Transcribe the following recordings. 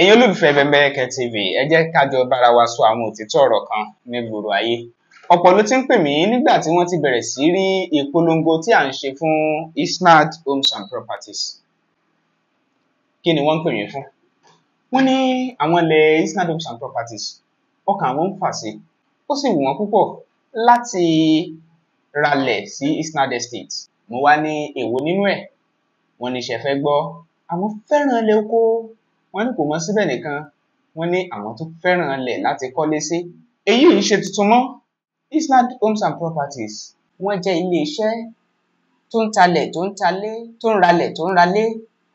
ẹ̀yin olólùfẹ́ Bẹ́mbẹ́yẹ́kẹ́ TV ẹ jẹ́ ká jọ bára wa sọ àwọn òtítọ́ ọ̀rọ̀ kan ní gbòòrò ayé ọ̀pọ̀ ló ti ń pè mí nígbà tí wọ́n ti bẹ̀rẹ̀ sí rí ìpolongo tí à ń ṣe fún Isnad Homes and Properties kí ni wọ́n ń pè mí fún wọ́n ní àwọn ilẹ̀ Isnad Homes and Properties ọkàn àwọn ń fà sí ó sì wù wọ́n púpọ̀ láti ralẹ̀ sí Isnad Estate mo wá ní èwo nínú ẹ̀ wọ́n ní ṣẹ̀fẹ́ gbọ́ àwọn fẹ́ràn ilẹ̀ oko wọ́n ní kò mọ síbẹ̀ nìkan wọ́n ní àwọn tó fẹ́ràn lẹ̀ láti kọ́lé sí èyí yìí ṣe tuntun mọ́ Island Homes and Properties wọ́n jẹ́ iléeṣẹ́ tó ń talẹ̀ tó ń talé tó ń ralẹ̀ tó ń ralé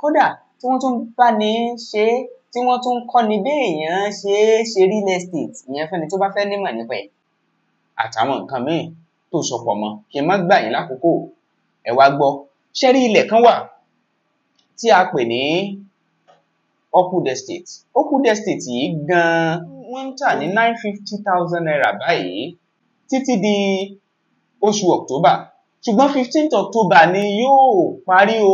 kódà tí wọ́n tún bá ní ṣe é tí wọ́n tún kọ́ ni bí èèyàn ṣe é ṣe real estate ìyẹn fẹ́ni tó bá fẹ́ nímọ̀ nípa ẹ̀ àtàwọn nǹkan míì tó sọpọ̀ mọ́ kí n má gbà yín lákòókò ẹ wá gbọ́ ṣẹ́rí ilẹ̀ kan wà tí a pè ní Okude State Okude State yìí gan-an wọ́n ń tà ní nine fifty thousand naira báyìí títí di oṣù October ṣùgbọ́n fifteenth October ni yóò parí o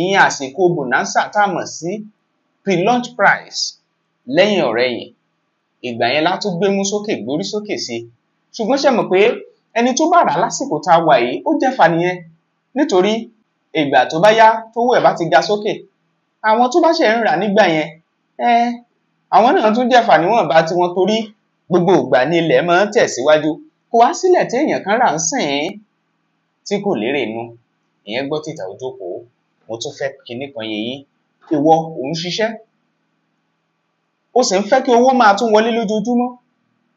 ìyẹn àsìkò bonanza tá a mọ̀ sí pre-launch price lẹ́yìn ọ̀rẹ́yìn ìgbà yẹn la tó gbé mú sókè gbórí sókè sí ṣùgbọ́n ṣe mọ̀ pé ẹni tó bá rà lásìkò tá a wà yìí ó jẹ́ fàníyẹn nítorí ìgbà tó bá yá tówó ẹ̀ bá ti ga sókè àwọn tó bá ṣe ń rà nígbà yẹn ẹ àwọn náà tún jẹ̀fà níwọ̀nba tiwọn torí gbogbo ìgbà ni ilẹ̀ máa ń tẹ̀síwájú kò wá sílẹ̀ tí èèyàn kan rà ń sìn ín tí kò lérè nu ìyẹn gbọ́ títà òjókòó mo tún fẹ́ kinní kan yẹ yín ìwọ òun ṣiṣẹ́ o sì ń fẹ́ kí owó máa tún wọlé lójoojúmọ́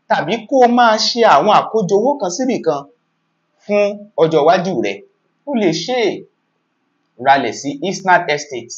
tàbí kó o máa ṣe àwọn àkójọ owó kan síbì kan fún ọjọ́ iwájú rẹ o lè ṣe é ralẹ̀ sí Isnad Estate